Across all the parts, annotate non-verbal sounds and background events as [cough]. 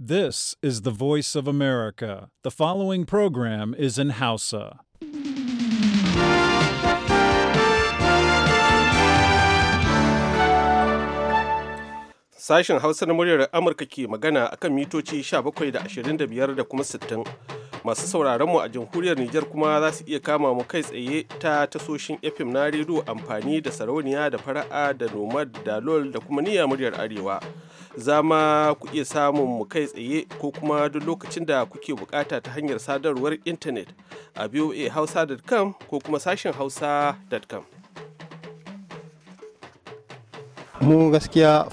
This is the voice of America. The following program is in Hausa. Sashen Hausa na muryar Amurka ke magana akan mitoci 17 da 25 da kuma 60. Masu sauraron mu a jamhuriyar Nijar kuma za su iya kama mu kai tsaye ta tasoshin FM na rediyo amfani da sarauniya da fara'a da nomad da lol da kuma niyya muryar Arewa. zama ku iya samun mu kai tsaye ko kuma duk lokacin da kuke bukata ta hanyar sadarwar intanet a voahausa.com ko kuma sashen hausa.com. Mu gaskiya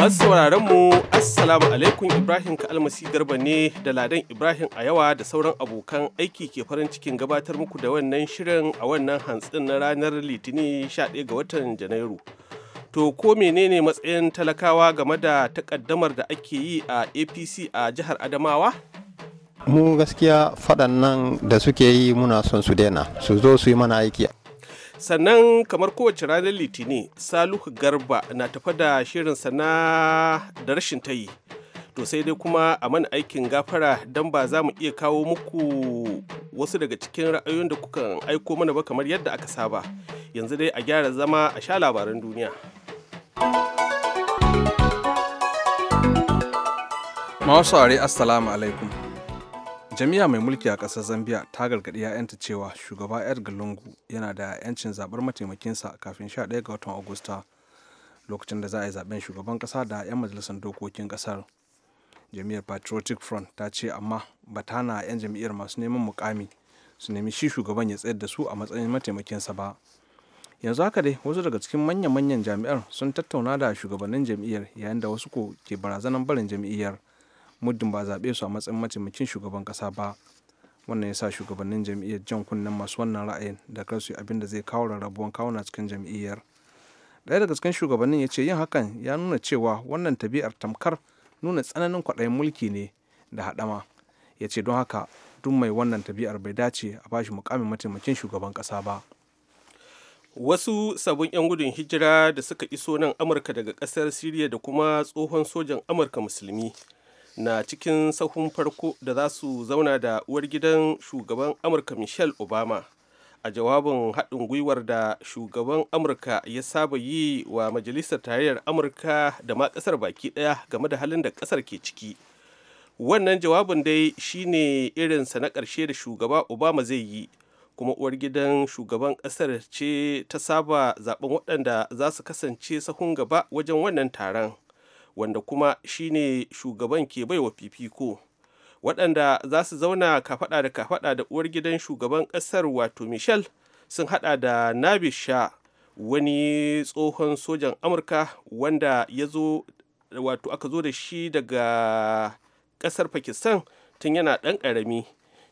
Masu sauraron mu Assalamu alaikum Ibrahim Kalmasi Garba ne da Ladan Ibrahim a yawa da sauran abokan aiki ke farin cikin gabatar muku da wannan shirin a wannan hantsin na ranar Litinin 11 ga watan Janairu. To ko menene matsayin talakawa game da takaddamar da ake yi a APC a jihar Adamawa? Mu gaskiya faɗannan da suke yi muna son su daina su zo su yi mana aiki sannan kamar kowace ranar litini saluhu garba na tafa da shirin sana da rashin tayi to sai dai kuma a mana aikin gafara don ba za mu iya kawo muku wasu daga cikin ra'ayoyin da kuka aiko mana ba kamar yadda aka saba yanzu dai a gyara zama a sha labaran duniya mawasare assalamu alaikum jami'a mai mulki a ƙasar zambia ta gargaɗi 'ya'yanta cewa shugaba edgar lungu yana da 'yancin zaɓar mataimakinsa kafin 11 ga watan agusta lokacin da za a yi zaɓen shugaban ƙasa da 'yan majalisar dokokin ƙasar jami'ar patriotic front ta ce amma ba ta na 'yan jami'ar masu neman mukami su nemi shi shugaban ya tsayar da su a matsayin mataimakinsa ba yanzu haka dai wasu daga cikin manya-manyan jami'ar sun tattauna da shugabannin jam'iyyar yayin da wasu ko ke barazanar barin jam'iyyar muddin ba zaɓe su a matsayin mataimakin shugaban ƙasa ba wannan ya sa shugabannin jam'iyyar jan kunnen masu wannan ra'ayin da kar su abin da zai kawo rarrabuwan kawuna cikin jam'iyyar ɗaya daga cikin shugabannin ya ce yin hakan ya nuna cewa wannan tabi'ar tamkar nuna tsananin kwaɗayin mulki ne da haɗama ya ce don haka duk mai wannan tabi'ar bai dace a bashi mukamin mataimakin shugaban ƙasa ba wasu sabon 'yan gudun hijira da suka iso nan amurka daga ƙasar siriya da kuma tsohon sojan amurka musulmi na cikin sahun farko da za su zauna da uwar gidan shugaban amurka michelle obama a jawabin haɗin gwiwar da shugaban amurka ya saba yi wa majalisar tarayyar amurka da ma ƙasar baki ɗaya game da halin da ƙasar ke ciki wannan jawabin dai shine irinsa na ƙarshe da shugaba obama zai yi kuma uwar gidan shugaban ƙasar ce ta saba zaɓen waɗanda za su kasance sahun gaba wajen wannan taron wanda kuma shine shugaban ke baiwa fifiko waɗanda za su zauna kafaɗa da kafaɗa da uwar gidan shugaban ƙasar wato michel sun haɗa da nabi sha wani tsohon sojan amurka wanda ya zo wato aka zo da shi daga ƙasar pakistan tun yana ɗan ƙarami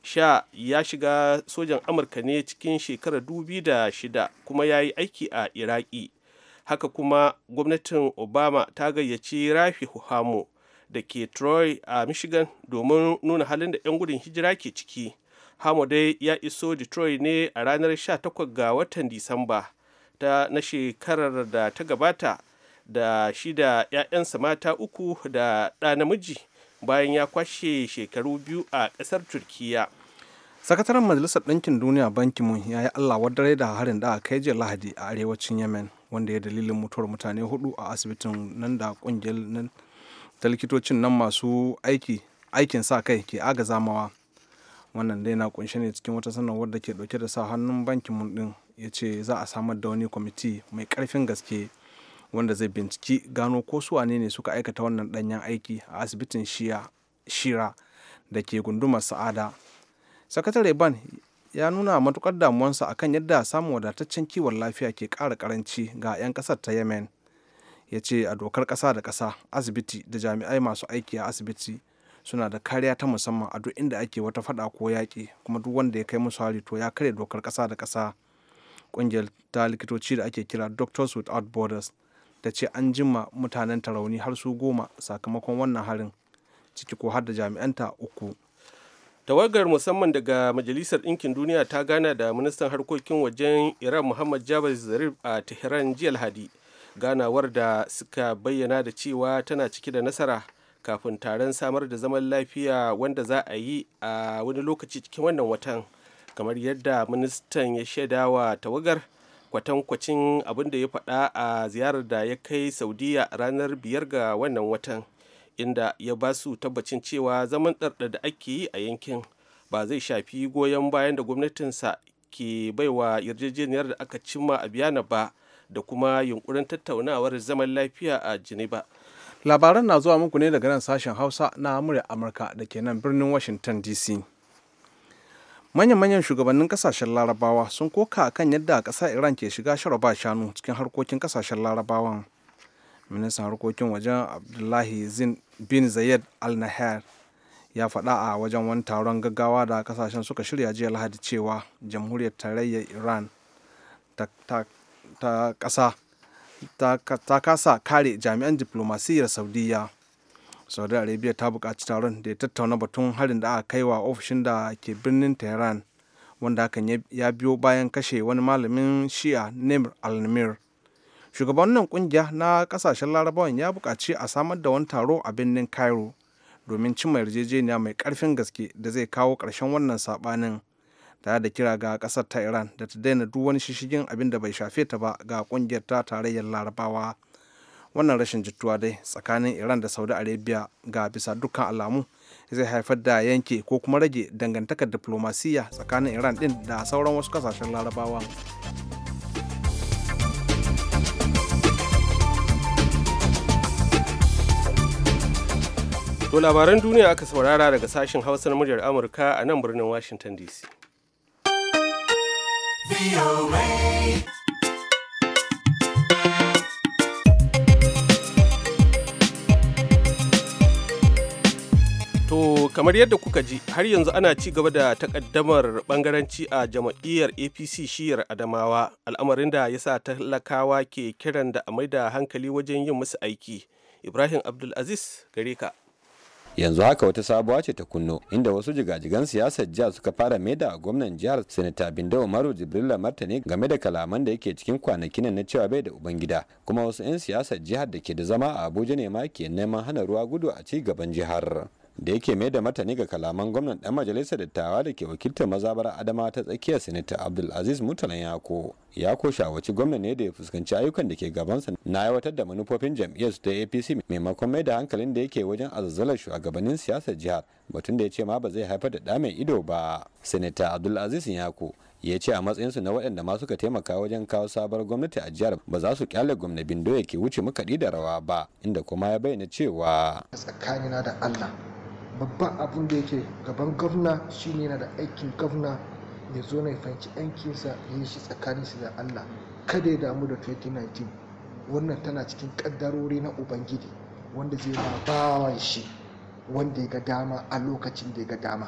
sha ya shiga sojan amurka ne cikin shekarar dubi da shida kuma ya yi aiki a iraki haka kuma gwamnatin obama ta gayyaci rafi huhamo da ke troy a michigan domin nuna halin da 'yan gudun hijira ke ciki hamo dai ya iso detroit ne a ranar 18 ga watan disamba ta na shekarar da ta gabata da shi da 'ya'yansa mata uku da ɗa namiji bayan ya kwashe shekaru biyu a ƙasar turkiya sakataren majalisar ɗinkin duniya bankin mun ya yi allah wadare da harin da aka kai jiya lahadi a arewacin yemen wanda ya dalilin mutuwar mutane hudu a asibitin nan da kungiyar nan ta likitocin nan masu aiki aikin sa kai ke agazamawa wannan dai na kunshe ne cikin wata sanarwar da ke dauke da sa hannun bankin mun din ya ce za a samar da wani kwamiti mai karfin gaske wanda zai binciki gano ko su wane ne suka aikata wannan danyen aiki a asibitin shira da ke gundumar sa'ada sakatare ban ya nuna matukar damuwansa akan yadda samun wadataccen kiwon lafiya ke ƙara karanci ga 'yan ƙasar ta yemen ya ce a dokar ƙasa da ƙasa asibiti da jami'ai masu aiki a asibiti suna da kariya ta musamman a duk inda ake wata fada ko yaƙi kuma duk wanda ya kai musu hari to ya karya dokar ƙasa da ƙasa ƙungiyar ta likitoci da ake kira doctors without borders ta ce an jima mutanen ta rauni har su goma sakamakon wannan harin ciki ko har da jami'anta uku tawagar musamman daga majalisar ɗinkin duniya ta gana da ministan harkokin wajen iran muhammad jabal zarif a tehran jiya alhadi ganawar da suka bayyana da cewa tana cike da nasara kafin taron samar da zaman lafiya wanda za a yi a wani lokaci cikin wannan watan kamar yadda ministan ya shaida wa tawagar kwatankwacin abin da ya faɗa a ziyarar da ya kai saudiya ranar biyar ga wannan watan inda ya ba su tabbacin cewa zaman ɗarɗa da ake yi a yankin ba zai shafi goyon bayan da gwamnatinsa ke baiwa yarjejeniyar da aka cimma a biyana ba da kuma yunkurin tattaunawar zaman lafiya a geneva labaran na zuwa muku ne daga nan sashen hausa na murya amurka da ke nan birnin washington dc manyan-manyan shugabannin kasashen larabawa sun koka kan yadda ƙasar iran ke shiga shara ba shanu cikin harkokin kasashen larabawan ministan harkokin wajen abdullahi bin zayed al nahyan ya faɗa a wajen wani taron gaggawa da kasashen suka shirya jiya lahadi cewa jamhuriyar tarayyar iran ta ƙasa ta kasa kare jami'an diplomasiyyar saudiya saudi arabia ta buƙaci taron da ya tattauna batun harin da aka kai wa ofishin da ke birnin tehran wanda hakan ya biyo bayan kashe wani malamin shi'a nemr almir shugabannin kungiya na kasashen larabawan ya bukaci a samar da wani taro a birnin cairo domin cimma yarjejeniya mai karfin gaske da zai kawo ƙarshen wannan saɓanin tare da kira ga ƙasar ta iran da ta daina duk wani shishigin abin da bai shafe ta ba ga ƙungiyar ta tarayyar larabawa wannan rashin jituwa dai tsakanin iran da saudi arabia ga bisa dukkan alamu zai haifar da yanke ko kuma rage dangantakar diplomasiya tsakanin iran din da sauran wasu kasashen larabawa To labaran duniya aka saurara daga sashen Hausa na muryar Amurka a nan birnin Washington DC. To kamar yadda kuka ji har yanzu ana ci gaba da takaddamar bangaranci a jam'iyyar APC shiyar Adamawa al'amarin da ya sa talakawa ke kiran da a maida hankali wajen yin musu aiki. Ibrahim Abdulaziz gare ka. yanzu haka wata sabuwa ce ta kunno inda wasu jigajigan siyasar jihar suka fara maida gwamnan jihar sanata bindo umaru jibrila martani game da kalaman da yake cikin kwanakin na cewa bai da ubangida kuma wasu 'yan siyasar jihar da ke da zama a abuja ne ma ke neman hana ruwa gudu a ci gaban jihar da yake mai da martani ga kalaman gwamnan dan majalisar dattawa da ke wakiltar mazabar adama ta tsakiyar sinita abdulaziz mutalan yako ya ko shawarci gwamnan ne da ya fuskanci ayyukan da ke gabansa na aiwatar da manufofin jam'iyyar su ta apc maimakon mai da hankalin da yake wajen azazzalar shugabannin siyasar jihar batun da ya ce ma ba zai haifar da ɗa ido ba sinita abdulaziz yako ya ce a matsayinsu na waɗanda ma suka taimaka wajen kawo sabar gwamnati a jihar ba za su kyale gwamna bindo ya ke wuce makaɗi da rawa ba inda kuma ya bayyana cewa tsakanina da allah babban abin da yake gaban gwamna shine yana da aikin gwamna ya zo na fahimci yankinsa ya yi shi tsakaninsa da allah kada ya damu da 2019 wannan tana cikin kaddarori na ubangiji wanda zai ba bawan shi wanda ya ga dama a lokacin da ya ga dama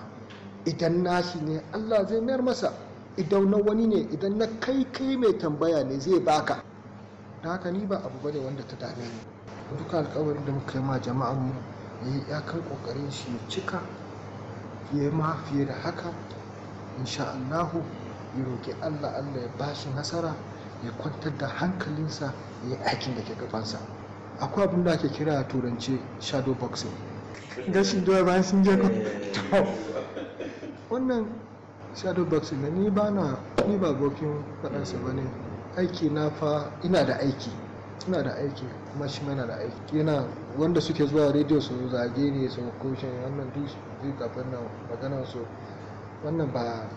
idan nashi ne allah zai mayar masa idan na wani ne idan na kai kai mai tambaya ne zai baka da haka ni ba abu bane wanda ta dame ni duka alkawarin da muka yi ma jama'an mu ya yi iyakan ƙoƙarin shi ya cika fiye ma fiye da haka insha Allahu ya roƙi Allah Allah ya bashi nasara ya kwantar da hankalinsa ya yi aikin da ke gabansa akwai abin da ake kira a turance shadow boxing idan shi bayan sun je [laughs] wannan shadow boxing na ni ba na ni ba bokin faɗansa ba ne aiki na fa ina da aiki ina da aiki kuma shi mana da aiki yana wanda suke zuwa rediyo su zage ne su kushe wannan duk kafin nan maganar su wannan ba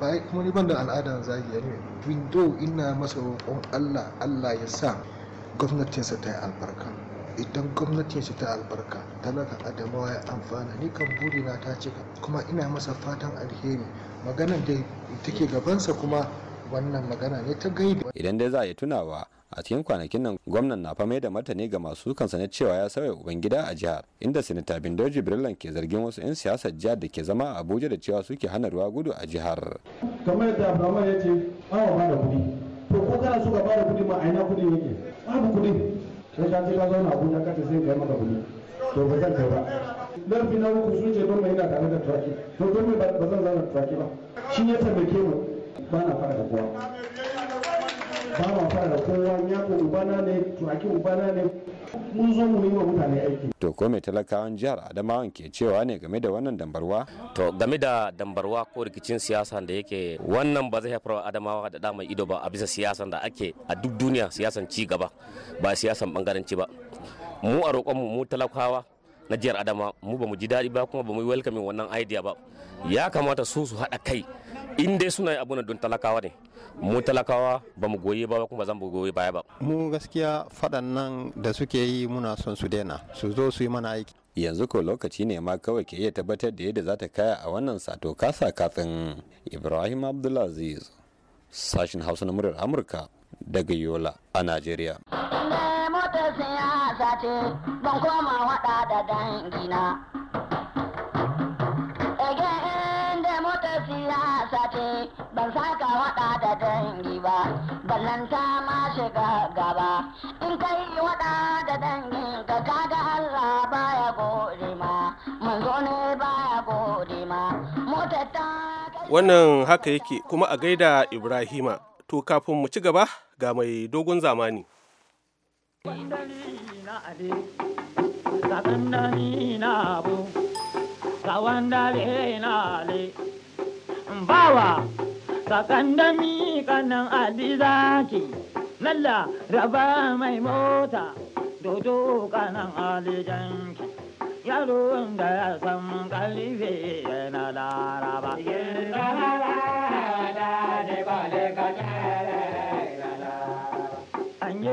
ba kuma ni ban da al'adar zagi ne window ina masa roƙon Allah Allah ya sa gwamnatinsa ta yi albarka idan gwamnatinsa ta yi albarka talaka adamawa ya amfana ni kan burina ta cika kuma ina masa fatan alheri maganar da take gabansa kuma wannan magana ne ta gaibi idan dai za a yi tunawa a cikin kwanakin nan gwamnan na fama da martani ga masu kansa na cewa ya sauya ubangida a jihar inda sinita bindo jibrilan ke zargin wasu 'yan siyasar jihar da ke zama a abuja da cewa suke hana ruwa gudu a jihar kamar yadda abdulrahman ya ce awa ba da kudi to ko kana so ka ba da kuɗi ma a ina kuɗi yake babu kudi sai ka ce ka zo na abuja ka ce sai ka maka kudi to ba zan kai ba larfi na uku sun ce don mai yana tare da turaki to don mai ba zan zauna turaki ba shi ya tabbake mu ba na fara da kowa ba ma fara da kowa ya ko ubana ne ubana ne mun zo mu yi wa mutane aiki to ko mai talakawan jihar adamawan ke cewa ne game da wannan dambarwa to game da dambarwa ko rikicin siyasa da yake wannan ba zai haifar adamawa da damar ido ba a bisa siyasan da ake a duk duniya siyasan ci gaba ba siyasan bangaranci ba mu a roƙonmu mu talakawa na jihar adama mu ba mu ji daɗi ba kuma ba mu welcoming wannan idea ba ya kamata su su haɗa kai in dai suna abu don talakawa ne mu talakawa ba mu goyi ba kuma zan goye baya ba mu gaskiya faɗan nan da suke yi muna son su daina su zo su yi mana aiki yanzu ko lokaci ne ma kawai ke iya tabbatar da yadda za ta kaya a wannan sato kasa kafin ibrahim abdulaziz sashin hausa na muryar amurka daga yola a najeriya sace ban koma waɗa da dangina. Ege inda motar siyasa ce ban saka waɗa da dangi ba, ballanta ma shiga gaba. In kai waɗa da dangi ka kaga Allah baya gode ma, manzo ne baya gode ma, motar ta Wannan haka yake kuma a gaida Ibrahima, to kafin mu ci gaba ga mai dogon zamani. bawa sakandami kanan alizaki lalla raba mai mota dodo kanan alijanki yaron da ya san karfe yana laraba. Yin rana da ba da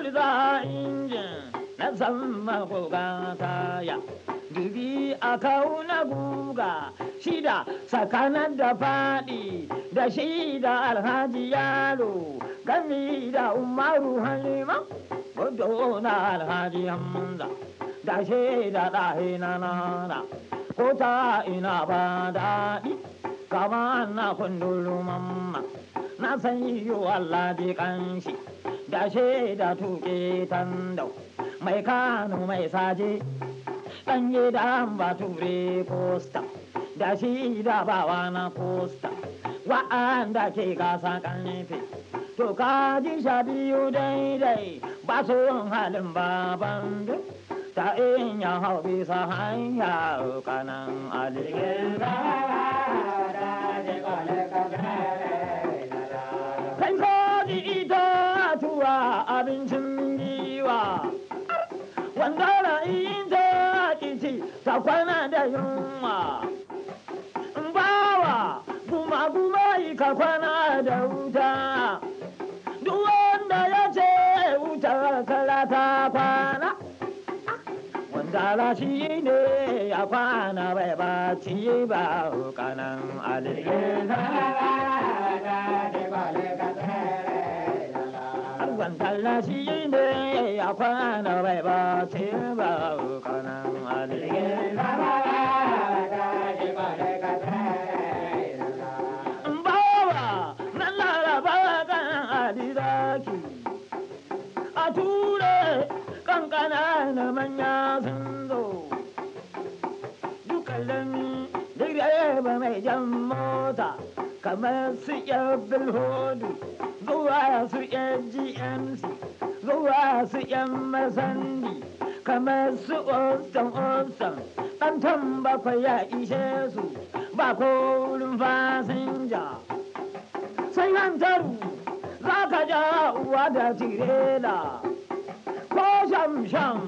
kuli za injin na zama goga taya dubi a kauna guga shida tsakanin da faɗi da shida alhaji yaro gami da umaru halima gudu na alhaji hamza da shida da na kota ko ta ina ba daɗi kama na kundulu mamma na san yiwuwar labi kanshi da da tuke tando mai kanu mai saje ɗanye da ba ture kosta da shi da bawa na kosta wa'anda ke gasa kanfe to ka ji sha biyu daidai ba su halin baban duk ta in hau bisa hanya kanan aligin kan kodi ita tuwa abincin giwa wanda na ita kici ta kwana da yunwa yara shi ne ya kwana bai ba ci ba kanan ali Alwan talla shi ne ya kwana bai ba ci ba kanan ali Bawa na laraba kan alidaki a ture kankana na manya sun kallan direba mai jan mota kamar su yabil bilhodu zuwa su gmc zuwa su yan masandi kamar su osan osan ɗantan bakwai ya ishe su ba kowurin fasinja sai hantar za ka ja uwa da tirela ko sham sham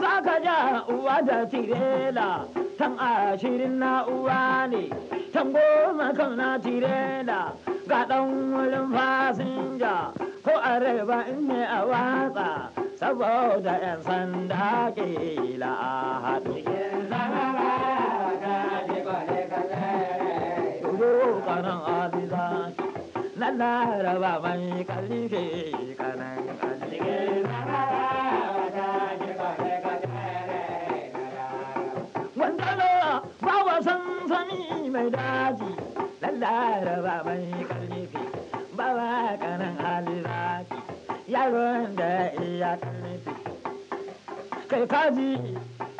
za ka ja uwa da tirela tan ashirin na uwa ne tan goma kan na tirela ga ɗan wurin fasinja ko a araba in ne a watsa saboda 'yan sanda kila a haɗu. na laraba mai kalife kanan kalife mai daji lallara laraba mai karnifi ba ba kanan halilaci yaron da iya karnifi kai kaji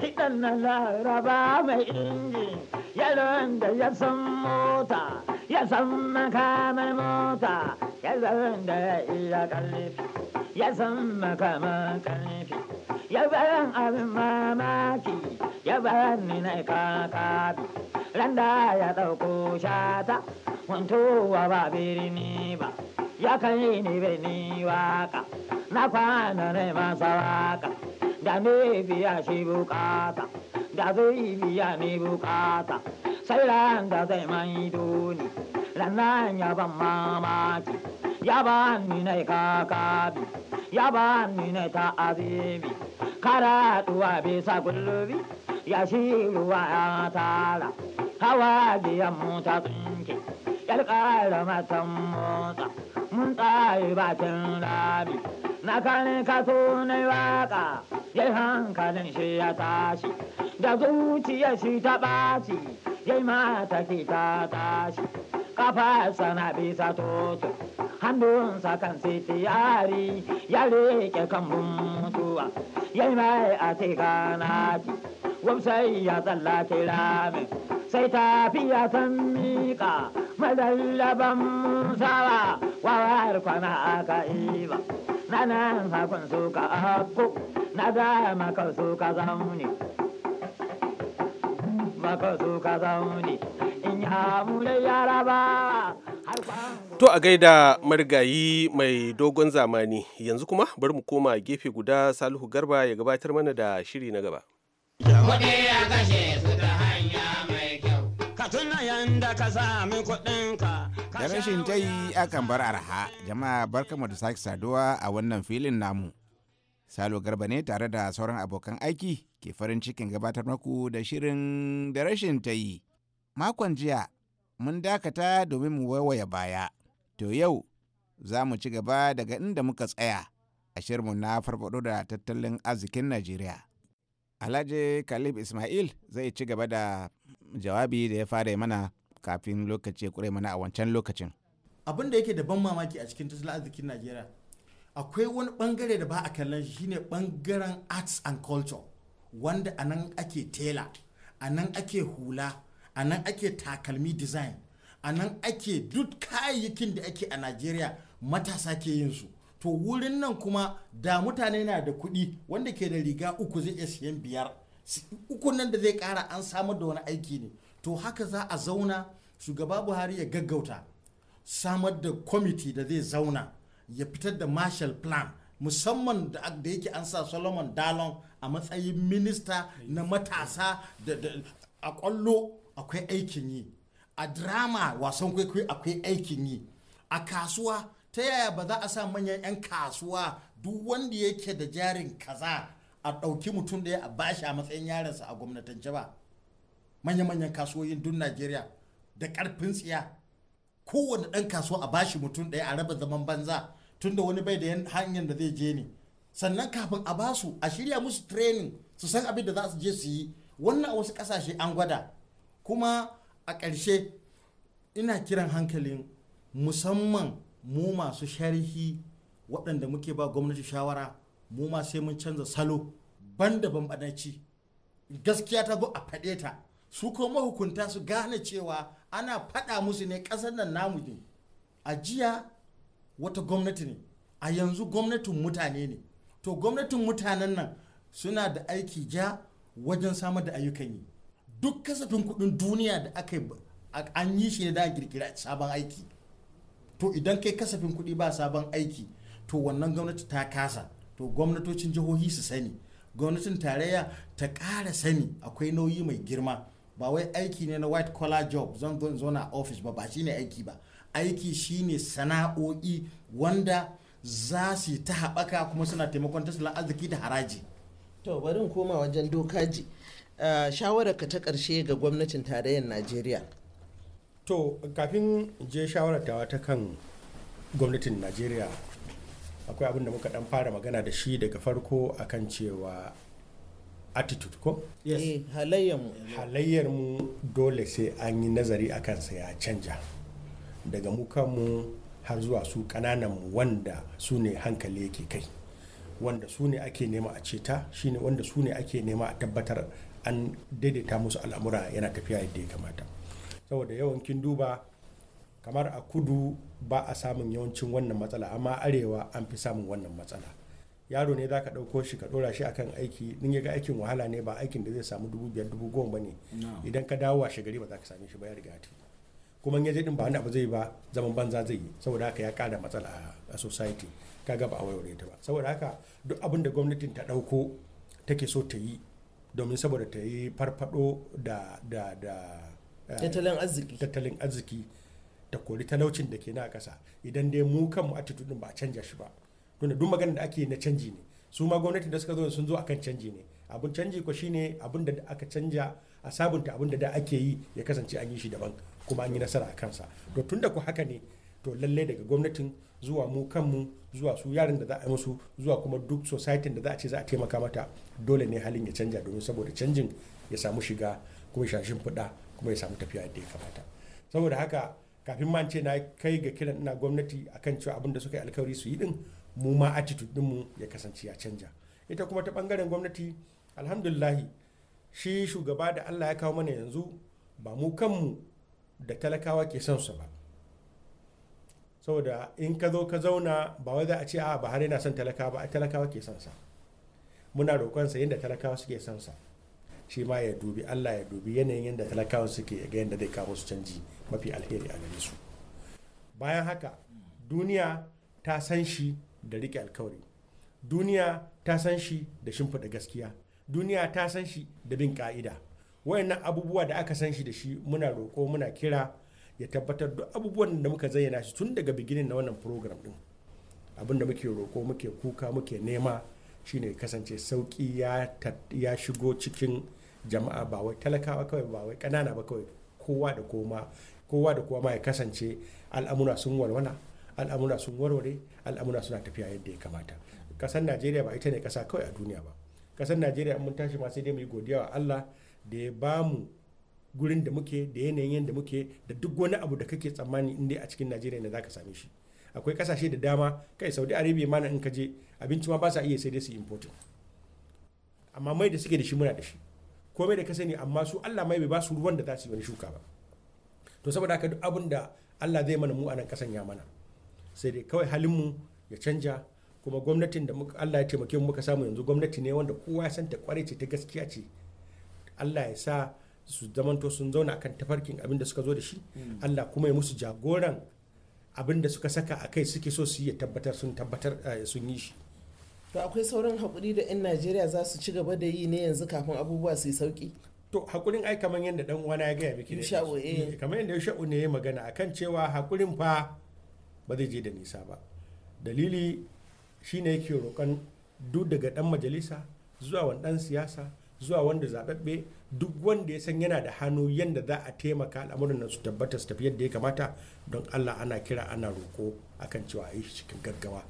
kiɗan na laraba mai inji yaron da ya san mota ya san makamar mota yaron da iya karnifi ya san makamar karnifi ya bayan abin mamaki ya bayan ni na kakabi randa ya dauko shata wantowa ba birni ba ya kai ni birni waka na kwana ne masa waka da me biya shi bukata da zai biya ni bukata sai ran da zai mai doni ranan ya ban mamaki ya ba ni ne kakabi ya ba ni ne ta azimi karatuwa bisa gulbi ya shi ruwa ya tara hawa biyan mota tsinke yar ƙara matan motsa mun tsaye batin rabi na kare kaso na waka yai hankalin shi ya tashi da zuciya shi ta ɓaci yai mata ke ta tashi Kafa na bisa toto hannunsa kan yari ya leke kan mutuwa yai mai a teganaki wamsai ya tsallake ramin sai tafiya ta miƙa madallaban wa wawar kwana aka iba na nan hakun suka hakku na dama kan suka zaune maka suka zaune in ya yamurai yarabawa To a gaida marigayi mai dogon zamani yanzu kuma bari mu koma gefe guda Salihu Garba ya gabatar mana da shiri na gaba. Kuɗi a kashe su ta hanya mai kyau. Ka tuna yanda ka sami kuɗinka. Da rashin ta yi akan bar arha, jama'a barkamu da sake saduwa a wannan filin namu. Salo Garba ne tare da sauran abokan aiki ke farin cikin gabatar maku da shirin da rashin ta yi. Makon jiya mun dakata domin mu waiwaya baya. To yau za mu ci gaba daga inda muka tsaya a shirinmu na farfado da tattalin arzikin Najeriya. Alhaji Kalib Ismail zai ci gaba da jawabi da ya fara mana kafin lokaci ya mana a wancan lokacin. Abin da yake da ban mamaki a cikin tattalin arzikin Najeriya akwai wani bangare da ba a kallon shi ne bangaren arts and culture wanda a nan ake tela, a nan ake hula, a nan ake takalmi design, a nan ake duk kayayyakin da ake a Najeriya matasa ke yin su. to wurin nan kuma da mutane na da kuɗi wanda ke da riga uku zai iya siyan biyar uku nan da zai ƙara an samar da wani aiki ne to haka za a zauna shugaba buhari ya gaggauta samar da kwamiti da zai zauna ya fitar da marshall plan musamman da yake an sa solomon dalon a matsayin minista na matasa da a kwallo akwai aikin yi a drama wasan kwaikwayo akwai aikin yi a kasuwa ta yaya ba za a sa manyan 'yan kasuwa duk wanda yake da jarin kaza a ɗauki mutum da ya bashi a matsayin yarinsa a gwamnatance ba manya-manyan kasuwoyin duk najeriya da karfin tsiya kowane ɗan kasuwa a bashi mutum ɗaya a raba zaman banza tunda wani bai da hanyar da zai je ne sannan kafin a basu a shirya musu training su san abin da za su je su yi wannan a wasu ƙasashe an gwada kuma a ƙarshe ina kiran hankalin musamman mu masu sharhi waɗanda muke ba gwamnati shawara mu ma sai mun canza salo ban da bambanaci gaskiya ta zo a faɗe ta su ko mahukunta su gane cewa ana faɗa musu ne ƙasar nan namu ne a jiya wata gwamnati ne a yanzu gwamnatin mutane ne to gwamnatin mutanen nan suna da aiki ja wajen samar da ayyukan yi duk kasafin kuɗin duniya da aka yi an yi shi ne da girgira sabon aiki to idan kai kasafin kuɗi ba sabon aiki to wannan gwamnati ta kasa to gwamnatocin jihohi su sani gwamnatin tarayya ta ƙara sani akwai nauyi mai girma ba wai aiki ne na white collar job zan zo na office ba ba shine aiki ba aiki shine sana'o'i wanda za su ta haɓaka kuma suna taimakon tattalin arziki da haraji to bari koma wajen dokaji ah, shawararka ta ƙarshe ga gwamnatin tarayyar najeriya to kafin je shawaratawa ta kan gwamnatin najeriya akwai abin da muka dan fara magana da shi daga farko akan cewa attitude ko? yes eh, halayyar halayyarmu dole sai an yi nazari a kansa ya canja daga mu har zuwa su mu wanda su ne hankali yake kai wanda su ne ake nema a ceta ne wanda su ne ake nema a tabbatar an daidaita musu al'amura yana tafiya yadda ya kamata saboda yawan duba kamar a kudu ba a samun yawancin wannan matsala amma arewa an fi samun wannan matsala yaro ne zaka ɗauko shi ka ɗora shi akan aiki in ya ga aikin wahala ne ba aikin da zai samu dubu biyar dubu goma ba ne idan ka dawo washe gari ba za ka same shi ba ya riga ta kuma in ya je din ba wani abu zai ba zaman banza zai yi saboda haka ya ƙara matsala a society ga ba a wayaure ta ba saboda haka duk abin da gwamnatin ta ɗauko take so ta yi domin saboda ta yi farfado da da da tattalin arziki tattalin arziki da kori talaucin da ke na ƙasa idan dai mu kanmu attitude ba a canja shi ba tunda duk magana da ake na canji ne su ma gwamnati da suka zo sun zo akan canji ne abun canji ko shine abun da aka canja a sabunta abun da da ake yi ya kasance an yi shi daban kuma an yi nasara a kansa to tunda ku haka ne to lallai daga gwamnatin zuwa mu kanmu zuwa su yaran da za a yi musu zuwa kuma duk society da za a ce za a taimaka mata dole ne halin ya canja domin saboda canjin ya samu shiga kuma shashin fida kuma ya samu tafiya yadda ya kamata saboda haka kafin man ce na kai ga kiran ina gwamnati akan cewa abin da suka yi alkawari su yi din mu ma attitude din mu ya kasance a canja ita kuma ta bangaren gwamnati alhamdulillahi shi shugaba da Allah ya kawo mana yanzu ba mu kanmu da talakawa ke son su ba saboda in ka zo ka zauna ba wai za a ce a ba har yana son talakawa ba talakawa ke son sa muna roƙon sa yadda talakawa suke son sa shi ma ya dubi allah ya dubi yanayin yadda talakawa suke ga yadda zai kawo su canji mafi alheri a gare su bayan haka duniya ta san shi da rike alkawari duniya ta san shi da shimfida gaskiya duniya ta san shi da bin ka'ida wayannan abubuwa da aka san shi da shi muna roko muna kira ya tabbatar da abubuwan da muka zayyana shi tun daga biginin na wannan program din abin da muke roko muke kuka muke nema shine kasance sauƙi ya shigo cikin jama'a ba wai talakawa kawai ba wai ƙanana ba kawai kowa da koma kowa da kowa ma ya kasance al'amura sun walwala al'amura sun warware al'amura suna tafiya yadda ya kamata kasar najeriya ba ita ne kasa kawai a duniya ba kasar najeriya mun tashi ma sai dai mu yi godiya wa allah da ya ba mu gurin da muke da yanayin yadda muke da duk wani abu da kake tsammani inda a cikin najeriya ne za ka same shi akwai kasashe da dama kai saudi arabia mana in ka je abinci ma ba sa iya sai dai su importing amma mai da suke da shi muna da shi komai da ka amma su Allah mai bai ba su ruwan da za su yi wani shuka ba to saboda haka duk abin da Allah zai mana mu a nan kasan ya mana sai dai kawai halin mu ya canja kuma gwamnatin da Allah ya taimake mu muka samu yanzu gwamnati ne wanda kowa ya santa kwarai ce ta gaskiya ce Allah ya sa su zamanto sun zauna akan tafarkin abin da suka zo da shi mm. Allah kuma ya musu jagoran abin da suka saka a kai suke so su yi tabbatar sun tabbatar eh, sun yi shi to akwai sauran hakuri da 'yan najeriya za su ci gaba da yi ne yanzu kafin abubuwa su yi sauki to hakurin ai kamar yadda dan uwana ya gaya miki ne eh. mm, kamar yadda yusha'u ne ya magana akan cewa hakurin fa ba zai je da nisa ba dalili shine yake roƙon duk daga dan majalisa zuwa wani dan siyasa zuwa wanda zaɓaɓɓe duk wanda ya san yana da hannu yadda za a taimaka al'amuran nan su tabbata su tafi yadda ya kamata don allah ana kira ana roko akan cewa a yi shi cikin gaggawa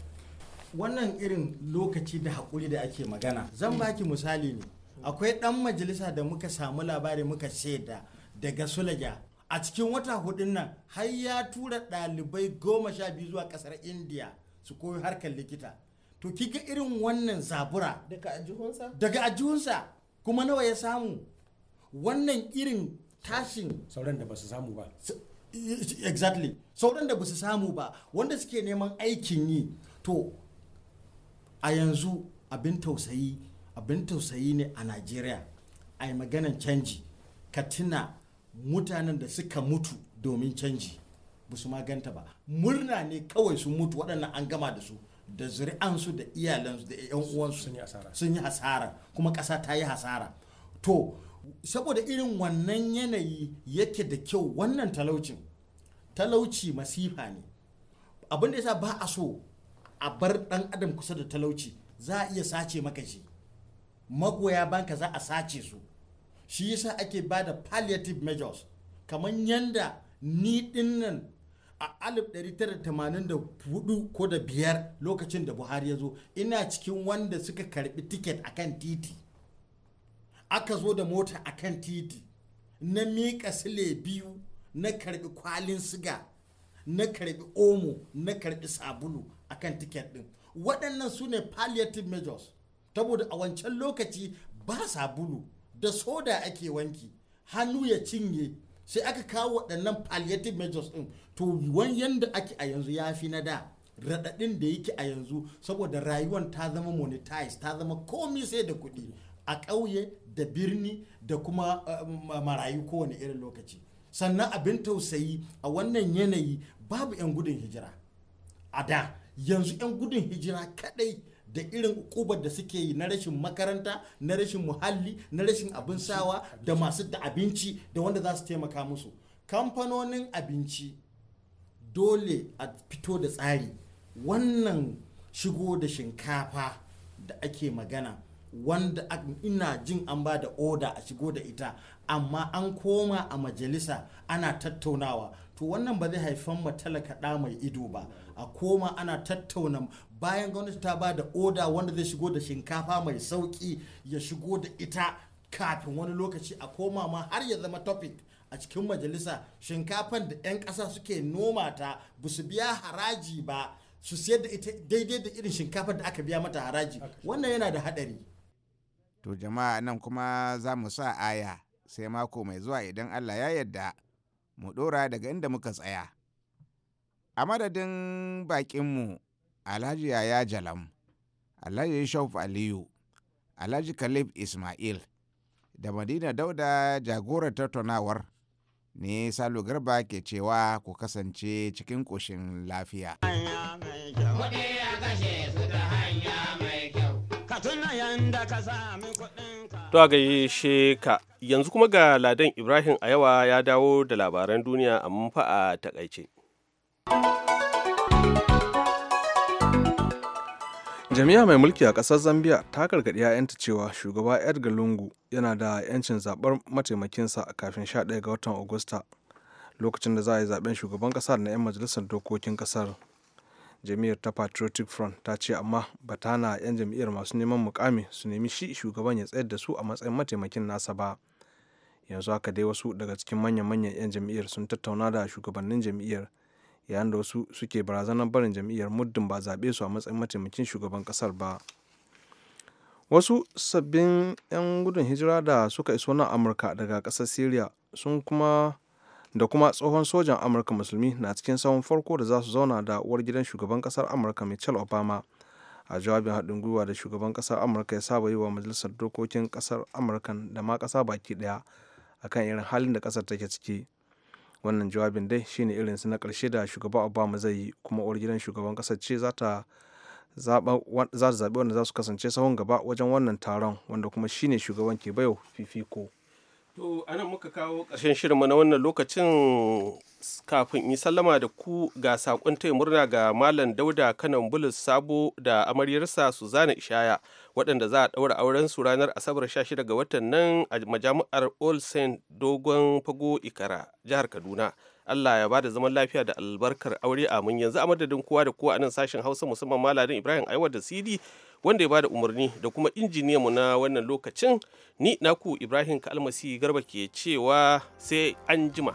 wannan irin lokaci da haƙuri da ake magana zan baki misali ne akwai ɗan majalisa da muka samu labari muka shaida daga sulaja a cikin wata hudun nan har ya tura ɗalibai goma sha biyu zuwa ƙasar indiya su koyi harkar likita to kika irin wannan zabura daga ajihunsa kuma nawa ya samu wannan irin tashin sauran da ba su samu ba exactly sauran da ba su samu ba wanda suke neman aikin yi to a yanzu abin tausayi abin tausayi ne a najeriya a yi maganan canji ka tuna mutanen da suka mutu domin canji ba su maganta ba murna ne kawai sun mutu waɗannan an gama da su da zuri'ansu da iyalansu da 'yan uwansu sun yi hasara kuma ƙasa ta yi hasara to saboda irin wannan yanayi yake da kyau wannan talaucin talauci masifa ne abin da yasa ba a so a bar dan adam kusa da talauci za a iya sace maka shi magoya banka za a sace su shi yasa ake ba da palliative measures kamar yanda ni dinnan a 1984 ko da biyar lokacin da buhari ya zo ina cikin wanda suka karbi tiket akan titi aka zo da mota akan titi na miƙa sile biyu na karbi kwalin siga na karbi omo na karbi sabulu a kan ticket din waɗannan su ne palliative measures saboda a wancan lokaci ba sabulu da soda ake wanki hannu ya cinye sai aka kawo waɗannan palliative measures din to wani yadda ake a yanzu ya fi na da raɗaɗin da yake a yanzu saboda rayuwar ta zama monetized ta zama komi sai da kuɗi a ƙauye da birni da kuma eh, marayu kowane irin lokaci sannan abin tausayi a wannan yanayi babu 'yan gudun hijira a da yanzu 'yan gudun hijira kadai da irin ukubar da suke yi na rashin makaranta na rashin muhalli na rashin abin sawa da masu da abinci da wanda za su taimaka musu kamfanonin abinci dole a fito da tsari wannan shigo da shinkafa da ake magana wanda ina jin an ba da oda a shigo da ita amma an koma a majalisa ana tattaunawa to wannan ba zai haifan matalaka ɗa mai ido ba a koma ana tattauna bayan gwamnati ta ba da oda wanda zai shigo da shinkafa mai sauki ya shigo da ita kafin wani lokaci a koma ma har ya zama topic a cikin majalisa shinkafan da 'yan ƙasa suke noma ta ba su biya haraji ba su sayar da ita daidai da irin shinkafar da aka biya mata haraji wannan yana da haɗari to jama'a nan kuma za mu sa aya sai mako mai zuwa idan allah ya yarda mu ɗora daga inda muka tsaya a madadin bakinmu alhaji yaya jalam alhaji shauf aliyu alhaji khalif ismail da madina dauda jagorar tattaunawar ne salo garba ke cewa ku kasance cikin ƙoshin lafiya To a gaishe ka yanzu kuma ga Ladan Ibrahim a yawa ya dawo da labaran duniya amma fa a takaice. jami'a mai mulki a ƙasar zambia ta gargaɗi 'ya'yanta cewa shugaba edgar lungu yana da 'yancin zaɓar mataimakinsa kafin 11 ga watan agusta lokacin da za a yi zaɓen shugaban ƙasa na 'yan majalisar dokokin ƙasar jami'ar ta patriotic front ta ce amma ba ta na 'yan jam'iyyar masu neman mukami su nemi shi shugaban ya tsayar da su a matsayin mataimakin nasa ba yanzu haka dai wasu daga cikin manyan manyan 'yan jam'iyyar sun tattauna da shugabannin jam'iyyar yayin da wasu suke barazanar barin jam'iyyar muddin ba zaɓe su a matsayin mataimakin shugaban ƙasar ba wasu sabbin 'yan gudun hijira da suka iso na amurka daga ƙasar syria sun kuma da kuma tsohon sojan amurka musulmi na cikin sahun farko da za su zauna da uwar gidan shugaban ƙasar amurka michelle obama a jawabin haɗin gwiwa da shugaban ƙasar amurka ya saba yi wa majalisar dokokin ƙasar amurka da ma ƙasa baki ɗaya akan irin halin da ƙasar take ciki wannan jawabin dai shine irin su na karshe da shugaban obama zai yi kuma uwar gidan shugaban kasar ce za ta zaɓi wanda za su kasance sahun gaba wajen wannan taron wanda kuma shine shugaban ke bayo fifiko To, anan muka kawo ƙarshen shirinmu na wannan lokacin kafin yi sallama da ku ga saƙon taya murna ga Malam Dauda Kanan Bulus Sabo da amaryarsa Suzana Ishaya, waɗanda za a ɗaura auren su ranar Asabar 16 ga watan nan a majami'ar olsen Dogon Fago Ikara, jihar Kaduna. Allah ya bada zaman lafiya da albarkar aure a mun yanzu a madadin kowa da kowa a nan sashen Hausa musamman Maladin Ibrahim Aiwar da Sidi wanda ya bada umarni da kuma injiniyanmu na wannan lokacin ni naku Ibrahim Kalmasi Garba ke cewa sai an jima.